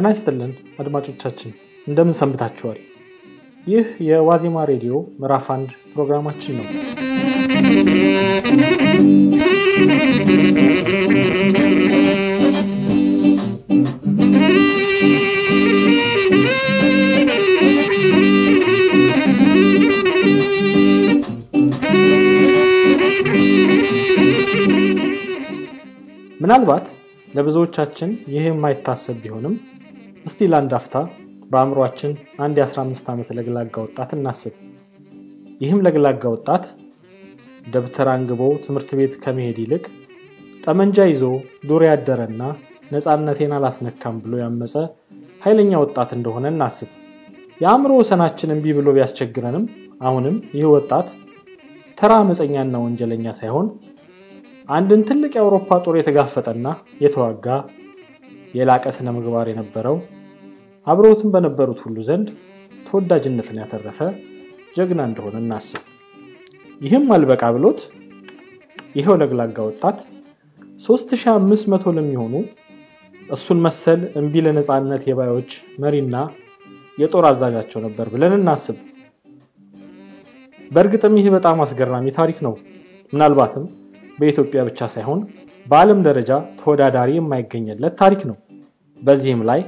ጤና ይስጥልን አድማጮቻችን እንደምን ሰንብታችኋል? ይህ የዋዜማ ሬዲዮ ምዕራፍ አንድ ፕሮግራማችን ነው። ምናልባት ለብዙዎቻችን ይህ የማይታሰብ ቢሆንም እስቲ ለአንድ አፍታ በአእምሯችን አንድ የ15 ዓመት ለግላጋ ወጣት እናስብ። ይህም ለግላጋ ወጣት ደብተር አንግቦ ትምህርት ቤት ከመሄድ ይልቅ ጠመንጃ ይዞ ዱር ያደረና ነፃነቴን አላስነካም ብሎ ያመፀ ኃይለኛ ወጣት እንደሆነ እናስብ። የአእምሮ ወሰናችን እንቢ ብሎ ቢያስቸግረንም አሁንም ይህ ወጣት ተራ አመፀኛና ወንጀለኛ ሳይሆን አንድን ትልቅ የአውሮፓ ጦር የተጋፈጠና የተዋጋ የላቀ ስነ ምግባር የነበረው አብረውትም በነበሩት ሁሉ ዘንድ ተወዳጅነትን ያተረፈ ጀግና እንደሆነ እናስብ። ይህም አልበቃ ብሎት ይኸው ለግላጋ ወጣት 3500 ለሚሆኑ እሱን መሰል እንቢ ለነፃነት የባዮች መሪና የጦር አዛዣቸው ነበር ብለን እናስብ። በእርግጥም ይህ በጣም አስገራሚ ታሪክ ነው። ምናልባትም በኢትዮጵያ ብቻ ሳይሆን በዓለም ደረጃ ተወዳዳሪ የማይገኝለት ታሪክ ነው። በዚህም ላይ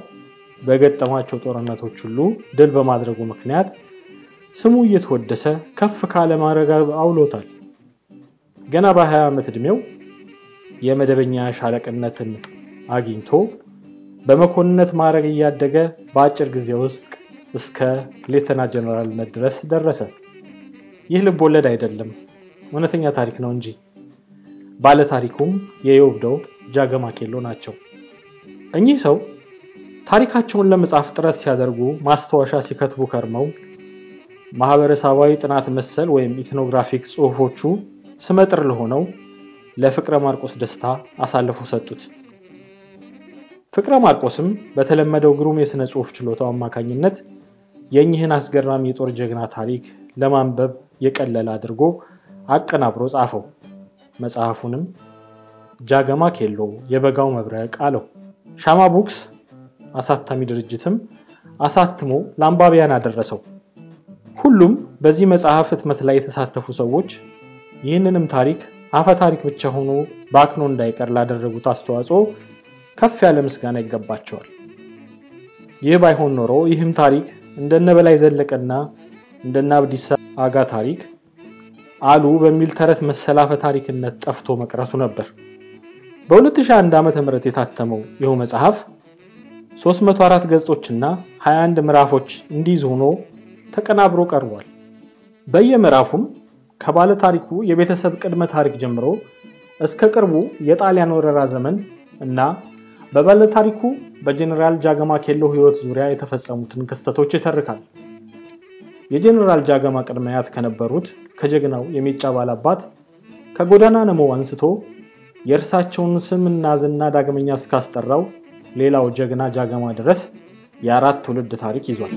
በገጠማቸው ጦርነቶች ሁሉ ድል በማድረጉ ምክንያት ስሙ እየተወደሰ ከፍ ካለ ማድረግ አውሎታል። ገና በ20 ዓመት ዕድሜው የመደበኛ ሻለቅነትን አግኝቶ በመኮንነት ማዕረግ እያደገ በአጭር ጊዜ ውስጥ እስከ ሌተና ጀነራልነት ድረስ ደረሰ። ይህ ልብ ወለድ አይደለም፣ እውነተኛ ታሪክ ነው እንጂ ባለታሪኩም የዮብደው ጃገማኬሎ ናቸው። እኚህ ሰው ታሪካቸውን ለመጻፍ ጥረት ሲያደርጉ ማስታወሻ ሲከትቡ ከርመው ማህበረሰባዊ ጥናት መሰል ወይም ኢትኖግራፊክ ጽሁፎቹ ስመጥር ለሆነው ለፍቅረ ማርቆስ ደስታ አሳልፎ ሰጡት። ፍቅረ ማርቆስም በተለመደው ግሩም የሥነ ጽሑፍ ችሎታው አማካኝነት የእኚህን አስገራሚ የጦር ጀግና ታሪክ ለማንበብ የቀለለ አድርጎ አቀናብሮ ጻፈው። መጽሐፉንም ጃገማ ኬሎ የበጋው መብረቅ አለው። ሻማ ቡክስ አሳታሚ ድርጅትም አሳትሞ ለአንባቢያን አደረሰው። ሁሉም በዚህ መጽሐፍ ህትመት ላይ የተሳተፉ ሰዎች ይህንንም ታሪክ አፈ ታሪክ ብቻ ሆኖ በአክኖ እንዳይቀር ላደረጉት አስተዋጽኦ ከፍ ያለ ምስጋና ይገባቸዋል። ይህ ባይሆን ኖሮ ይህም ታሪክ እንደነ በላይ ዘለቀና እንደነ አብዲሳ አጋ ታሪክ አሉ በሚል ተረት መሰላፈ ታሪክነት ጠፍቶ መቅረቱ ነበር። በ2001 ዓ.ም የታተመው ይኸው መጽሐፍ 304 ገጾችና 21 ምዕራፎች እንዲይዝ ሆኖ ተቀናብሮ ቀርቧል። በየምዕራፉም ከባለ ታሪኩ የቤተሰብ ቅድመ ታሪክ ጀምሮ እስከ ቅርቡ የጣሊያን ወረራ ዘመን እና በባለ ታሪኩ በጀኔራል ጃገማ ኬሎ ሕይወት ዙሪያ የተፈጸሙትን ክስተቶች ይተርካል። የጀኔራል ጃገማ ቅድመያት ከነበሩት ከጀግናው የሚጫባል ባላባት ከጎዳና ነሞ አንስቶ የእርሳቸውን ስም እና ዝና ዳግመኛ እስካስጠራው ሌላው ጀግና ጃገማ ድረስ የአራት ትውልድ ታሪክ ይዟል።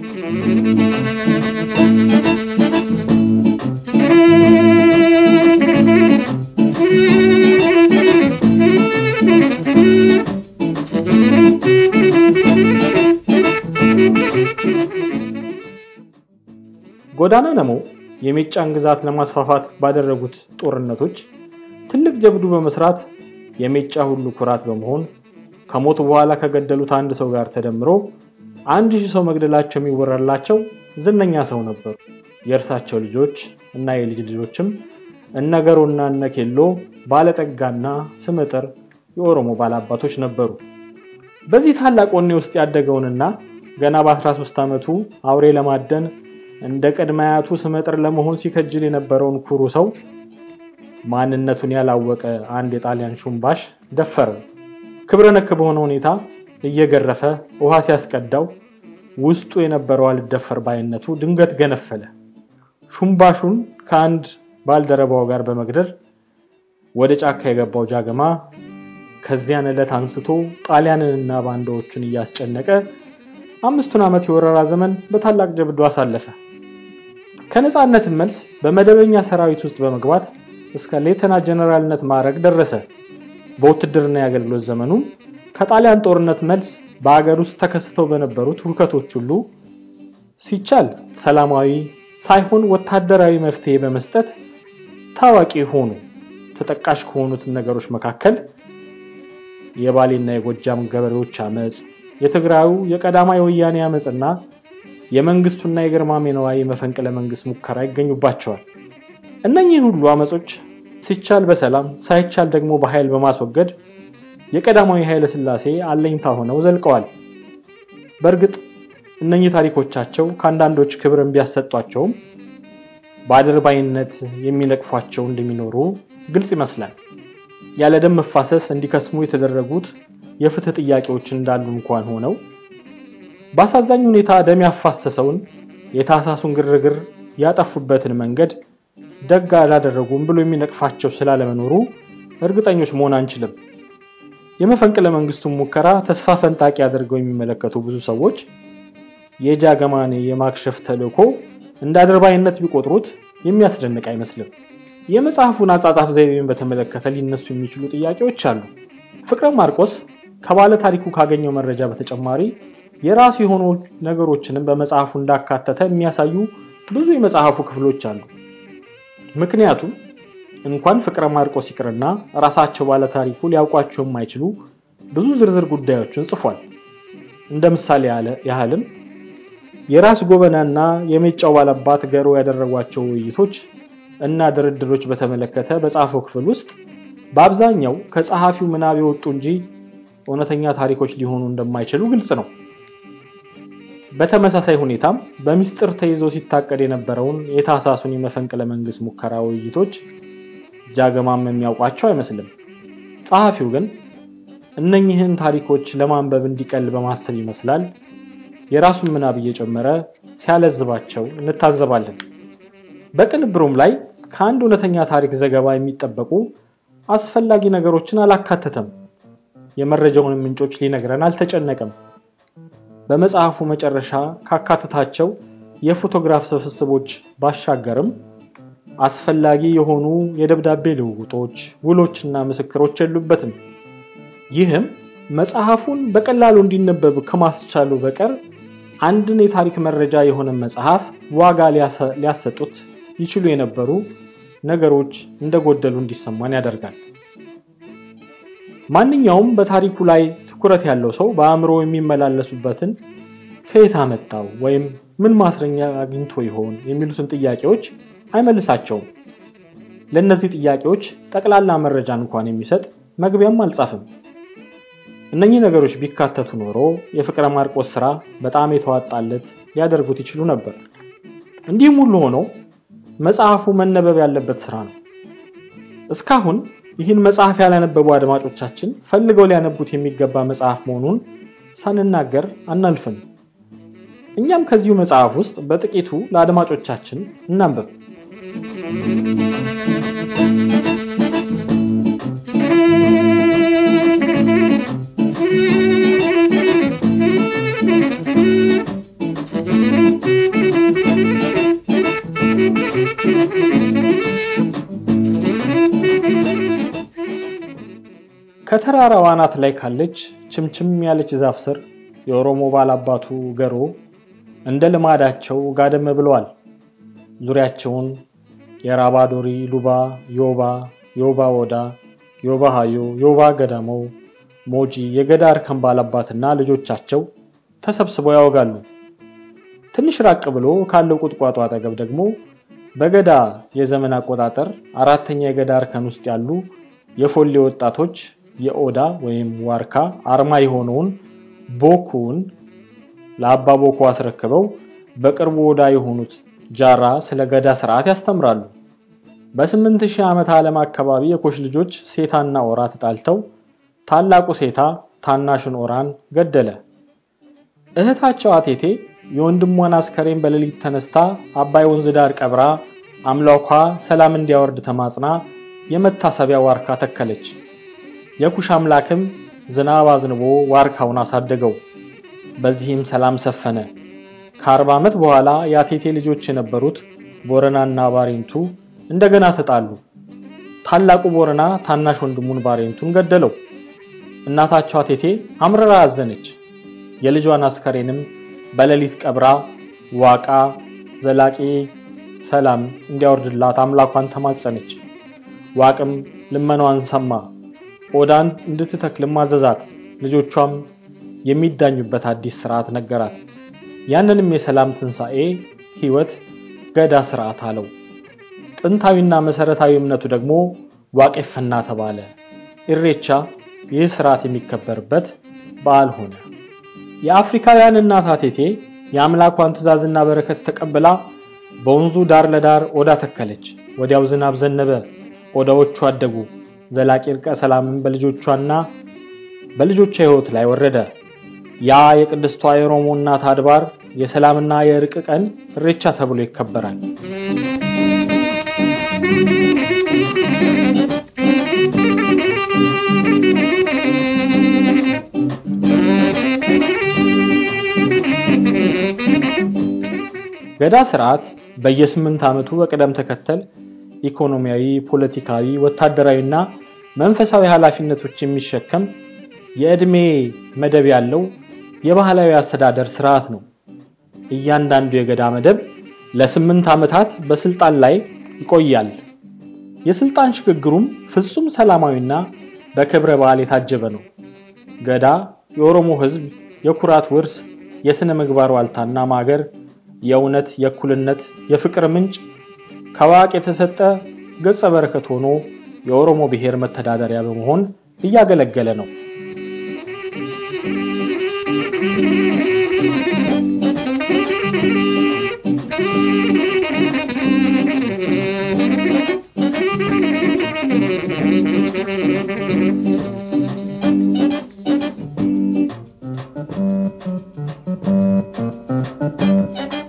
ጎዳና ነሞ የሜጫን ግዛት ለማስፋፋት ባደረጉት ጦርነቶች ትልቅ ጀብዱ በመስራት የሜጫ ሁሉ ኩራት በመሆን ከሞቱ በኋላ ከገደሉት አንድ ሰው ጋር ተደምሮ አንድ ሺህ ሰው መግደላቸው የሚወራላቸው ዝነኛ ሰው ነበሩ። የእርሳቸው ልጆች እና የልጅ ልጆችም እነ ገሮና እነ ኬሎ ባለጠጋና ስምጥር የኦሮሞ ባላባቶች ነበሩ። በዚህ ታላቅ ወኔ ውስጥ ያደገውንና ገና በ13 ዓመቱ አውሬ ለማደን እንደ ቅድማያቱ ስመጥር ለመሆን ሲከጅል የነበረውን ኩሩ ሰው ማንነቱን ያላወቀ አንድ የጣሊያን ሹምባሽ ደፈረ! ክብረ ነክ በሆነ ሁኔታ እየገረፈ ውሃ ሲያስቀዳው ውስጡ የነበረው አልደፈር ባይነቱ ድንገት ገነፈለ። ሹምባሹን ከአንድ ባልደረባው ጋር በመግደር ወደ ጫካ የገባው ጃገማ ከዚያን ዕለት አንስቶ ጣሊያንንና ባንዳዎችን እያስጨነቀ አምስቱን ዓመት የወረራ ዘመን በታላቅ ጀብዶ አሳለፈ። ከነፃነትን መልስ በመደበኛ ሰራዊት ውስጥ በመግባት እስከ ሌተና ጀነራልነት ማዕረግ ደረሰ። በውትድርና የአገልግሎት ዘመኑም ከጣሊያን ጦርነት መልስ በአገር ውስጥ ተከስተው በነበሩት ውከቶች ሁሉ ሲቻል ሰላማዊ ሳይሆን ወታደራዊ መፍትሄ በመስጠት ታዋቂ ሆኑ። ተጠቃሽ ከሆኑት ነገሮች መካከል የባሌና የጎጃም ገበሬዎች አመፅ፣ የትግራዩ የቀዳማይ ወያኔ አመፅና የመንግስቱና የግርማሜ ሜናዋ የመፈንቅለ መንግስት ሙከራ ይገኙባቸዋል። እነኚህ ሁሉ አመጾች ሲቻል በሰላም ሳይቻል ደግሞ በኃይል በማስወገድ የቀዳማዊ ኃይለ ሥላሴ አለኝታ ሆነው ዘልቀዋል። በእርግጥ እነኚህ ታሪኮቻቸው ከአንዳንዶች ክብርን ቢያሰጧቸውም በአደርባይነት የሚነቅፏቸው እንደሚኖሩ ግልጽ ይመስላል። ያለ ደም መፋሰስ እንዲከስሙ የተደረጉት የፍትህ ጥያቄዎች እንዳሉ እንኳን ሆነው በአሳዛኝ ሁኔታ ደም ያፋሰሰውን የታሳሱን ግርግር ያጠፉበትን መንገድ ደግ አላደረጉም ብሎ የሚነቅፋቸው ስላለመኖሩ እርግጠኞች መሆን አንችልም። የመፈንቅለ መንግስቱን ሙከራ ተስፋ ፈንጣቂ አድርገው የሚመለከቱ ብዙ ሰዎች የጃገማኔ የማክሸፍ ተልዕኮ እንደ አድርባይነት ቢቆጥሩት የሚያስደንቅ አይመስልም። የመጽሐፉን አጻጻፍ ዘይቤን በተመለከተ ሊነሱ የሚችሉ ጥያቄዎች አሉ። ፍቅረ ማርቆስ ከባለ ታሪኩ ካገኘው መረጃ በተጨማሪ የራሱ የሆኑ ነገሮችንም በመጽሐፉ እንዳካተተ የሚያሳዩ ብዙ የመጽሐፉ ክፍሎች አሉ። ምክንያቱም እንኳን ፍቅረ ማርቆስ ይቅርና ራሳቸው ባለታሪኩ ሊያውቋቸው የማይችሉ ብዙ ዝርዝር ጉዳዮችን ጽፏል። እንደ ምሳሌ ያህልም የራስ ጎበናና የሜጫው ባላባት ገሮ ያደረጓቸው ውይይቶች እና ድርድሮች በተመለከተ በጻፈው ክፍል ውስጥ በአብዛኛው ከጸሐፊው ምናብ የወጡ እንጂ እውነተኛ ታሪኮች ሊሆኑ እንደማይችሉ ግልጽ ነው። በተመሳሳይ ሁኔታም በሚስጥር ተይዞ ሲታቀድ የነበረውን የታሳሱን የመፈንቅለ መንግስት ሙከራ ውይይቶች ጃገማም የሚያውቋቸው አይመስልም። ጸሐፊው ግን እነኝህን ታሪኮች ለማንበብ እንዲቀል በማሰብ ይመስላል የራሱን ምናብ እየጨመረ ሲያለዝባቸው እንታዘባለን። በቅንብሩም ላይ ከአንድ እውነተኛ ታሪክ ዘገባ የሚጠበቁ አስፈላጊ ነገሮችን አላካተተም። የመረጃውን ምንጮች ሊነግረን አልተጨነቀም። በመጽሐፉ መጨረሻ ካካተታቸው የፎቶግራፍ ስብስቦች ባሻገርም አስፈላጊ የሆኑ የደብዳቤ ልውውጦች፣ ውሎችና ምስክሮች የሉበትም። ይህም መጽሐፉን በቀላሉ እንዲነበብ ከማስቻሉ በቀር አንድን የታሪክ መረጃ የሆነ መጽሐፍ ዋጋ ሊያሰጡት ይችሉ የነበሩ ነገሮች እንደጎደሉ እንዲሰማን ያደርጋል። ማንኛውም በታሪኩ ላይ ትኩረት ያለው ሰው በአእምሮ የሚመላለሱበትን ከየት አመጣው ወይም ምን ማስረኛ አግኝቶ ይሆን የሚሉትን ጥያቄዎች አይመልሳቸውም። ለእነዚህ ጥያቄዎች ጠቅላላ መረጃ እንኳን የሚሰጥ መግቢያም አልጻፍም። እነኚህ ነገሮች ቢካተቱ ኖሮ የፍቅረ ማርቆስ ስራ በጣም የተዋጣለት ሊያደርጉት ይችሉ ነበር። እንዲህም ሁሉ ሆኖ መጽሐፉ መነበብ ያለበት ስራ ነው። እስካሁን ይህን መጽሐፍ ያላነበቡ አድማጮቻችን ፈልገው ሊያነቡት የሚገባ መጽሐፍ መሆኑን ሳንናገር አናልፍም። እኛም ከዚሁ መጽሐፍ ውስጥ በጥቂቱ ለአድማጮቻችን እናንብብ። ከተራራው አናት ላይ ካለች ችምችም ያለች ዛፍ ስር የኦሮሞ ባላባቱ ገሮ እንደ ልማዳቸው ጋደም ብለዋል። ዙሪያቸውን የራባዶሪ፣ ሉባ፣ ዮባ፣ ዮባ ወዳ፣ ዮባ ሃዮ፣ ዮባ ገዳመው፣ ሞጂ፣ የገዳ እርከን ባላባትና ልጆቻቸው ተሰብስበው ያወጋሉ። ትንሽ ራቅ ብሎ ካለው ቁጥቋጦ አጠገብ ደግሞ በገዳ የዘመን አቆጣጠር አራተኛ የገዳ እርከን ውስጥ ያሉ የፎሌ ወጣቶች የኦዳ ወይም ዋርካ አርማ የሆነውን ቦኩን ለአባ ቦኩ አስረክበው በቅርቡ ኦዳ የሆኑት ጃራ ስለ ገዳ ስርዓት ያስተምራሉ። በ8000 ዓመት ዓለም አካባቢ የኮሽ ልጆች ሴታና ኦራ ተጣልተው ታላቁ ሴታ ታናሹን ኦራን ገደለ። እህታቸው አቴቴ የወንድሟን አስከሬን በሌሊት ተነስታ አባይ ወንዝ ዳር ቀብራ አምላኳ ሰላም እንዲያወርድ ተማጽና የመታሰቢያ ዋርካ ተከለች። የኩሽ አምላክም ዝናብ አዝንቦ ዋርካውን አሳደገው። በዚህም ሰላም ሰፈነ። ከአርባ ዓመት በኋላ የአቴቴ ልጆች የነበሩት ቦረናና ባሬንቱ እንደገና ተጣሉ። ታላቁ ቦረና ታናሽ ወንድሙን ባሬንቱን ገደለው። እናታቸው አቴቴ አምርራ አዘነች። የልጇን አስከሬንም በሌሊት ቀብራ ዋቃ ዘላቂ ሰላም እንዲያወርድላት አምላኳን ተማጸነች። ዋቅም ልመኗን ሰማ። ኦዳን እንድትተክልም አዘዛት። ልጆቿም የሚዳኙበት አዲስ ስርዓት ነገራት። ያንንም የሰላም ትንሣኤ ሕይወት ገዳ ስርዓት አለው። ጥንታዊና መሰረታዊ እምነቱ ደግሞ ዋቄፈና ተባለ። ኢሬቻ ይህ ስርዓት የሚከበርበት በዓል ሆነ። የአፍሪካውያን እናት አቴቴ የአምላኳን ትእዛዝና በረከት ተቀብላ በወንዙ ዳር ለዳር ኦዳ ተከለች። ወዲያው ዝናብ ዘነበ፣ ኦዳዎቹ አደጉ። ዘላቂ እርቀ ሰላምን በልጆቿና በልጆቿ ሕይወት ላይ ወረደ። ያ የቅድስቷ የሮሞ እናት አድባር የሰላምና የእርቅ ቀን እሬቻ ተብሎ ይከበራል። ገዳ ስርዓት በየስምንት ዓመቱ በቅደም ተከተል ኢኮኖሚያዊ፣ ፖለቲካዊ፣ ወታደራዊና መንፈሳዊ ኃላፊነቶች የሚሸከም የዕድሜ መደብ ያለው የባህላዊ አስተዳደር ስርዓት ነው። እያንዳንዱ የገዳ መደብ ለስምንት ዓመታት በስልጣን ላይ ይቆያል። የስልጣን ሽግግሩም ፍጹም ሰላማዊና በክብረ በዓል የታጀበ ነው። ገዳ የኦሮሞ ሕዝብ የኩራት ውርስ፣ የሥነ ምግባር ዋልታና ማገር፣ የእውነት፣ የእኩልነት፣ የፍቅር ምንጭ ከዋቅ የተሰጠ ገጸ በረከት ሆኖ የኦሮሞ ብሔር መተዳደሪያ በመሆን እያገለገለ ነው። Thank you.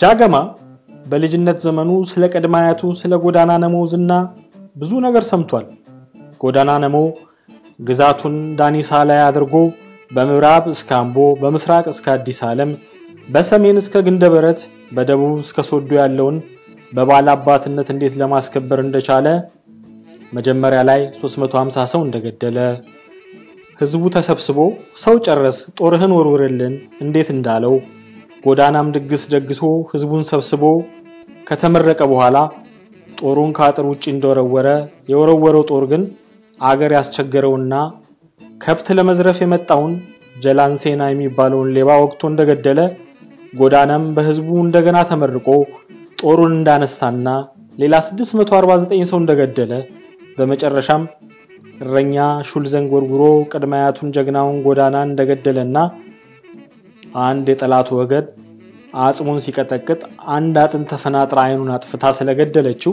ጃገማ በልጅነት ዘመኑ ስለ ቀድማያቱ ስለ ጎዳና ነሞዝና ብዙ ነገር ሰምቷል። ጎዳና ነሞ ግዛቱን ዳኒሳ ላይ አድርጎ በምዕራብ እስከ አምቦ፣ በምስራቅ እስከ አዲስ ዓለም፣ በሰሜን እስከ ግንደበረት፣ በደቡብ እስከ ሶዶ ያለውን በባለ አባትነት እንዴት ለማስከበር እንደቻለ መጀመሪያ ላይ 350 ሰው እንደገደለ ህዝቡ ተሰብስቦ ሰው ጨረስ ጦርህን ወርውርልን እንዴት እንዳለው ጎዳናም ድግስ ደግሶ ህዝቡን ሰብስቦ ከተመረቀ በኋላ ጦሩን ከአጥር ውጭ እንደወረወረ የወረወረው ጦር ግን አገር ያስቸገረውና ከብት ለመዝረፍ የመጣውን ጀላንሴና የሚባለውን ሌባ ወቅቶ እንደገደለ ጎዳናም በህዝቡ እንደገና ተመርቆ ጦሩን እንዳነሳና ሌላ 649 ሰው እንደገደለ በመጨረሻም እረኛ ሹል ዘንግ ወርውሮ ቅድመ ጀግናውን ጎዳና እንደገደለና አንድ የጠላት ወገድ አጽሙን ሲቀጠቅጥ አንድ አጥንት ተፈናጥራ አይኑን አጥፍታ ስለገደለችው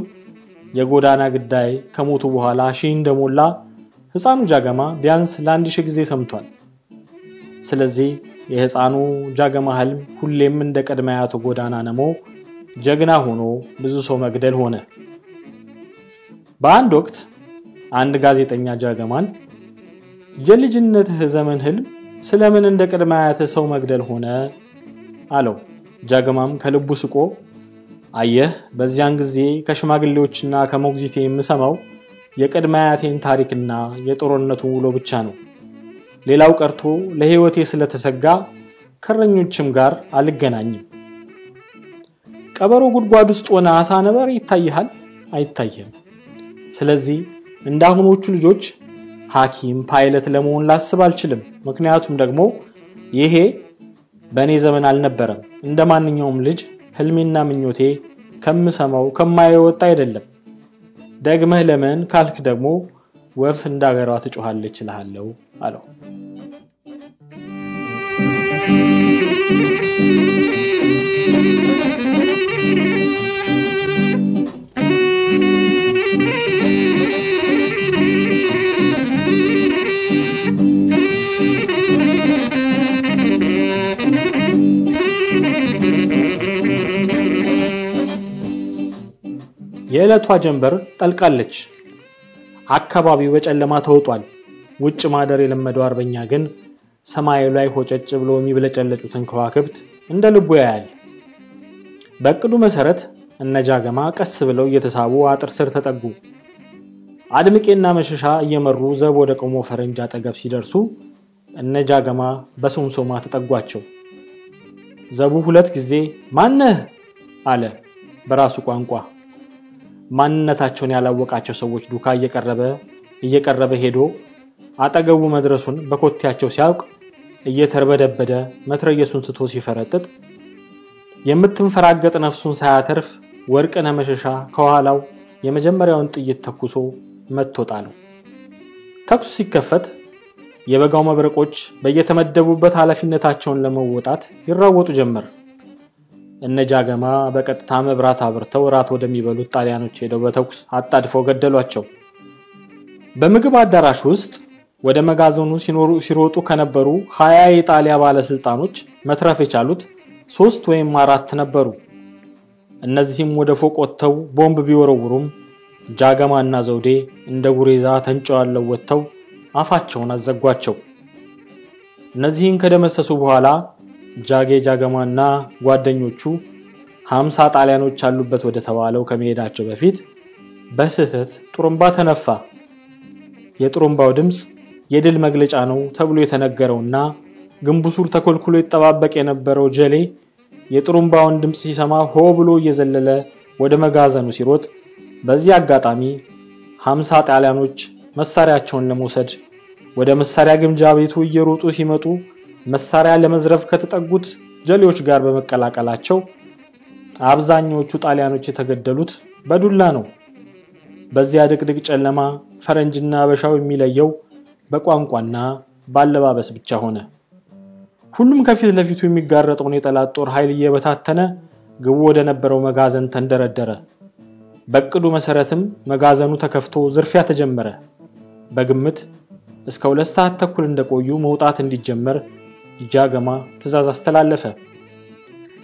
የጎዳና ግዳይ ከሞቱ በኋላ ሺ እንደሞላ ህፃኑ ጃገማ ቢያንስ ለአንድ ሺህ ጊዜ ሰምቷል። ስለዚህ የህፃኑ ጃገማ ህልም ሁሌም እንደ ቀድመ አያቱ ጎዳና ነሞ ጀግና ሆኖ ብዙ ሰው መግደል ሆነ። በአንድ ወቅት አንድ ጋዜጠኛ ጃገማን የልጅነትህ ዘመን ህልም ስለምን እንደ ቅድመ አያትህ ሰው መግደል ሆነ አለው። ጃገማም ከልቡ ስቆ አየህ በዚያን ጊዜ ከሽማግሌዎችና ከሞግዚቴ የምሰማው የቅድመ አያቴን ታሪክና የጦርነቱን ውሎ ብቻ ነው። ሌላው ቀርቶ ለህይወቴ ስለተሰጋ ከረኞችም ጋር አልገናኝም። ቀበሮ ጉድጓድ ውስጥ ሆነ አሳ ነበር ይታይሃል አይታየም። ስለዚህ እንዳሁኖቹ ልጆች ሐኪም ፓይለት ለመሆን ላስብ አልችልም። ምክንያቱም ደግሞ ይሄ በእኔ ዘመን አልነበረም። እንደ ማንኛውም ልጅ ህልሜና ምኞቴ ከምሰማው ከማየው ወጣ አይደለም። ደግመህ ለምን ካልክ ደግሞ ወፍ እንዳገሯ ትጮሃለች እልሃለሁ አለው። Thank you. የዕለቷ ጀንበር ጠልቃለች። አካባቢው በጨለማ ተውጧል። ውጭ ማደር የለመደው አርበኛ ግን ሰማዩ ላይ ሆጨጭ ብሎ የሚብለጨለጩትን ከዋክብት እንደ ልቡ ያያል። በቅዱ መሰረት እነ ጃገማ ቀስ ብለው እየተሳቡ አጥር ስር ተጠጉ። አድምቄና መሸሻ እየመሩ ዘብ ወደ ቆሞ ፈረንጅ አጠገብ ሲደርሱ እነ ጃገማ በሶምሶማ ተጠጓቸው። ዘቡ ሁለት ጊዜ ማነህ አለ በራሱ ቋንቋ። ማንነታቸውን ያላወቃቸው ሰዎች ዱካ እየቀረበ እየቀረበ ሄዶ አጠገቡ መድረሱን በኮቴያቸው ሲያውቅ እየተርበደበደ መትረየሱን ስቶ ሲፈረጥጥ የምትንፈራገጥ ነፍሱን ሳያተርፍ ወርቅነ መሸሻ ከኋላው የመጀመሪያውን ጥይት ተኩሶ መትቶ ነው ተኩሱ ሲከፈት የበጋው መብረቆች በየተመደቡበት ኃላፊነታቸውን ለመወጣት ይራወጡ ጀመር። እነ ጃገማ በቀጥታ መብራት አብርተው ራት ወደሚበሉት ጣሊያኖች ሄደው በተኩስ አጣድፈው ገደሏቸው። በምግብ አዳራሽ ውስጥ ወደ መጋዘኑ ሲሮጡ ከነበሩ ሀያ የጣሊያ ባለስልጣኖች መትረፍ የቻሉት ሶስት ወይም አራት ነበሩ። እነዚህም ወደ ፎቅ ወጥተው ቦምብ ቢወረውሩም ጃገማና ዘውዴ እንደ ጉሬዛ ተንጨዋለው ወጥተው አፋቸውን አዘጓቸው። እነዚህን ከደመሰሱ በኋላ ጃጌ እና ጓደኞቹ ሀምሳ ጣሊያኖች አሉበት ወደ ተባለው ከመሄዳቸው በፊት በስህተት ጥሩምባ ተነፋ። የጥሩምባው ድምፅ የድል መግለጫ ነው ተብሎ የተነገረውና ግንቡሱር ተኮልኩሎ ይጠባበቅ የነበረው ጀሌ የጥሩምባውን ድምፅ ሲሰማ ሆ ብሎ እየዘለለ ወደ መጋዘኑ ሲሮጥ፣ በዚህ አጋጣሚ ሀምሳ ጣሊያኖች መሳሪያቸውን ለመውሰድ ወደ መሳሪያ ግምጃ ቤቱ እየሮጡ ሲመጡ መሳሪያ ለመዝረፍ ከተጠጉት ጀሌዎች ጋር በመቀላቀላቸው አብዛኞቹ ጣሊያኖች የተገደሉት በዱላ ነው። በዚያ ድቅድቅ ጨለማ ፈረንጅና በሻው የሚለየው በቋንቋና ባለባበስ ብቻ ሆነ። ሁሉም ከፊት ለፊቱ የሚጋረጠውን የጠላት ጦር ኃይል እየበታተነ ግቡ ወደ ነበረው መጋዘን ተንደረደረ። በእቅዱ መሰረትም መጋዘኑ ተከፍቶ ዝርፊያ ተጀመረ። በግምት እስከ ሁለት ሰዓት ተኩል እንደቆዩ መውጣት እንዲጀመር ጃገማ ትዕዛዝ አስተላለፈ።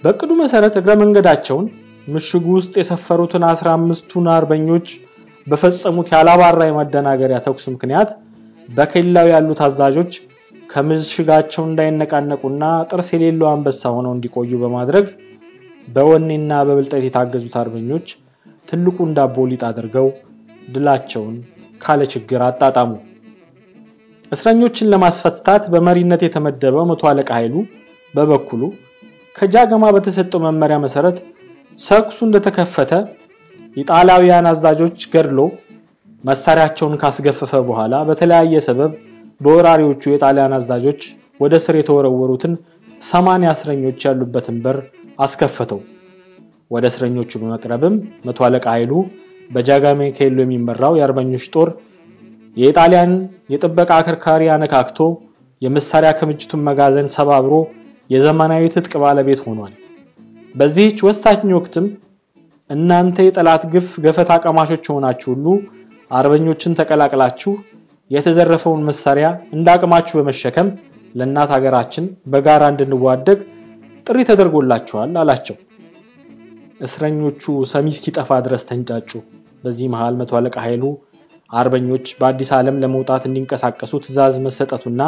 በቅዱ መሰረት እግረ መንገዳቸውን ምሽጉ ውስጥ የሰፈሩትን አስራ አምስቱን አርበኞች በፈጸሙት ያላባራ የማደናገሪያ ተኩስ ምክንያት በኬላው ያሉት አዛዦች ከምሽጋቸው እንዳይነቃነቁና ጥርስ የሌለው አንበሳ ሆነው እንዲቆዩ በማድረግ በወኔና በብልጠት የታገዙት አርበኞች ትልቁን ዳቦ ሊጥ አድርገው ድላቸውን ካለ ችግር አጣጣሙ። እስረኞችን ለማስፈታት በመሪነት የተመደበው መቶ አለቃ ኃይሉ በበኩሉ ከጃገማ በተሰጠው መመሪያ መሰረት ሰክሱ እንደተከፈተ የጣላውያን አዛዦች ገድሎ መሳሪያቸውን ካስገፈፈ በኋላ በተለያየ ሰበብ በወራሪዎቹ የጣሊያን አዛዦች ወደ ስር የተወረወሩትን ሰማንያ እስረኞች ያሉበትን በር አስከፈተው። ወደ እስረኞቹ በመቅረብም መቶ አለቃ ኃይሉ በጃጋሜ ኬሎ የሚመራው የአርበኞች ጦር የኢጣሊያን የጥበቃ አከርካሪ አነካክቶ የመሳሪያ ክምችቱን መጋዘን ሰባብሮ የዘመናዊ ትጥቅ ባለቤት ሆኗል። በዚህች ወስታችኝ ወቅትም እናንተ የጠላት ግፍ ገፈት አቀማሾች የሆናችሁ ሁሉ አርበኞችን ተቀላቅላችሁ የተዘረፈውን መሳሪያ አቅማችሁ በመሸከም ለእናት ሀገራችን በጋራ እንድንዋደግ ጥሪ ተደርጎላችኋል አላቸው። እስረኞቹ ሰሚ እስኪጠፋ ድረስ ተንጫጩ። በዚህ መሃል መቶ አለቃ ኃይሉ አርበኞች በአዲስ ዓለም ለመውጣት እንዲንቀሳቀሱ ትእዛዝ መሰጠቱና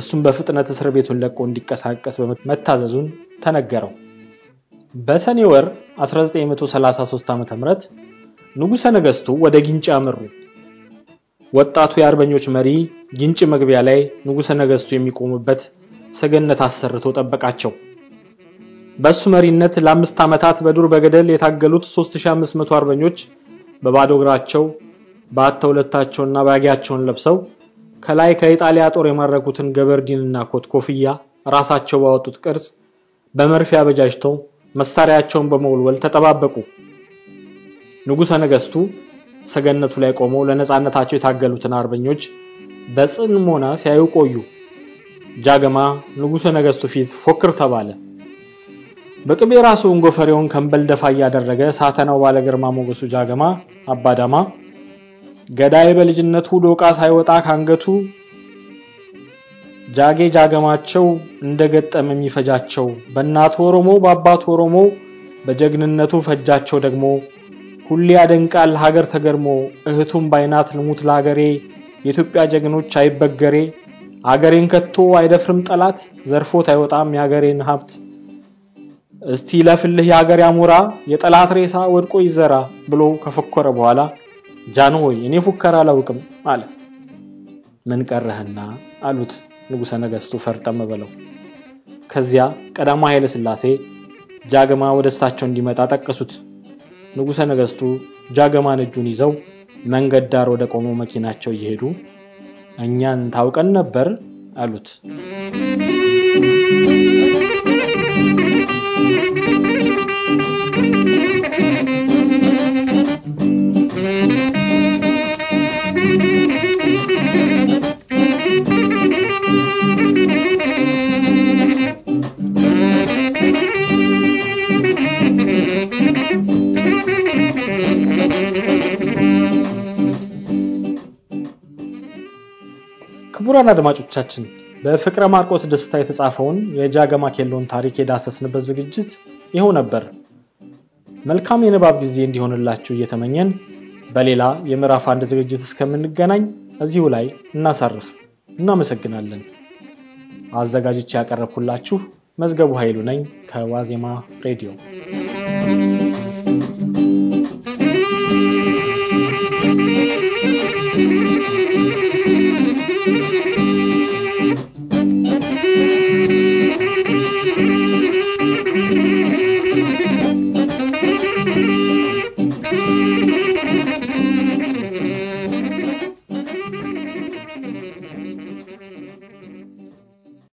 እሱም በፍጥነት እስር ቤቱን ለቆ እንዲንቀሳቀስ መታዘዙን ተነገረው። በሰኔ ወር 1933 ዓ.ም ንጉሠ ነገሥቱ ወደ ግንጭ አመሩ። ወጣቱ የአርበኞች መሪ ግንጭ መግቢያ ላይ ንጉሠ ነገሥቱ የሚቆሙበት ሰገነት አሰርቶ ጠበቃቸው። በሱ መሪነት ለአምስት ዓመታት በዱር በገደል የታገሉት 3500 አርበኞች በባዶ እግራቸው ባተውለታቸውና ሁለታቸውና ባጊያቸውን ለብሰው ከላይ ከኢጣሊያ ጦር የማረኩትን ገበርዲንና ኮት ኮፍያ ራሳቸው ባወጡት ቅርጽ በመርፌ አበጃጅተው መሳሪያቸውን በመወልወል ተጠባበቁ። ንጉሠ ነገሥቱ ሰገነቱ ላይ ቆመው ለነፃነታቸው የታገሉትን አርበኞች በጽንሞና ሲያዩ ቆዩ። ጃገማ ንጉሠ ነገሥቱ ፊት ፎክር ተባለ። በቅቤ ራሱ ጎፈሬውን ከንበል ደፋ እያደረገ ሳተናው ባለ ግርማ ሞገሱ ጃገማ አባዳማ ገዳይ በልጅነቱ ዶቃ ሳይወጣ ካንገቱ ጃጌ ጃገማቸው እንደገጠም የሚፈጃቸው በእናቱ ኦሮሞ በአባቱ ኦሮሞ በጀግንነቱ ፈጃቸው ደግሞ ሁሌ ያደንቃል ሀገር ተገርሞ እህቱም ባይናት ልሙት ለሀገሬ የኢትዮጵያ ጀግኖች አይበገሬ አገሬን ከቶ አይደፍርም ጠላት ዘርፎት አይወጣም የሀገሬን ሀብት እስቲ ለፍልህ የሀገር ያሞራ የጠላት ሬሳ ወድቆ ይዘራ ብሎ ከፈኮረ በኋላ ጃንሆይ እኔ ፉከራ አላውቅም አለ። ምን ቀረህና አሉት ንጉሰ ነገስቱ ፈርጠም በለው! ከዚያ ቀዳማ ኃይለ ስላሴ ጃገማ ወደ እሳቸው እንዲመጣ ጠቀሱት። ንጉሰ ነገስቱ ጃገማን እጁን ይዘው መንገድ ዳር ወደ ቆመው መኪናቸው እየሄዱ እኛን ታውቀን ነበር አሉት። ክቡራን አድማጮቻችን በፍቅረ ማርቆስ ደስታ የተጻፈውን የጃገማ ኬሎን ታሪክ የዳሰስንበት ዝግጅት ይኸው ነበር። መልካም የንባብ ጊዜ እንዲሆንላችሁ እየተመኘን በሌላ የምዕራፍ አንድ ዝግጅት እስከምንገናኝ እዚሁ ላይ እናሳርፍ። እናመሰግናለን። አዘጋጅቼ ያቀረብኩላችሁ መዝገቡ ኃይሉ ነኝ ከዋዜማ ሬዲዮ።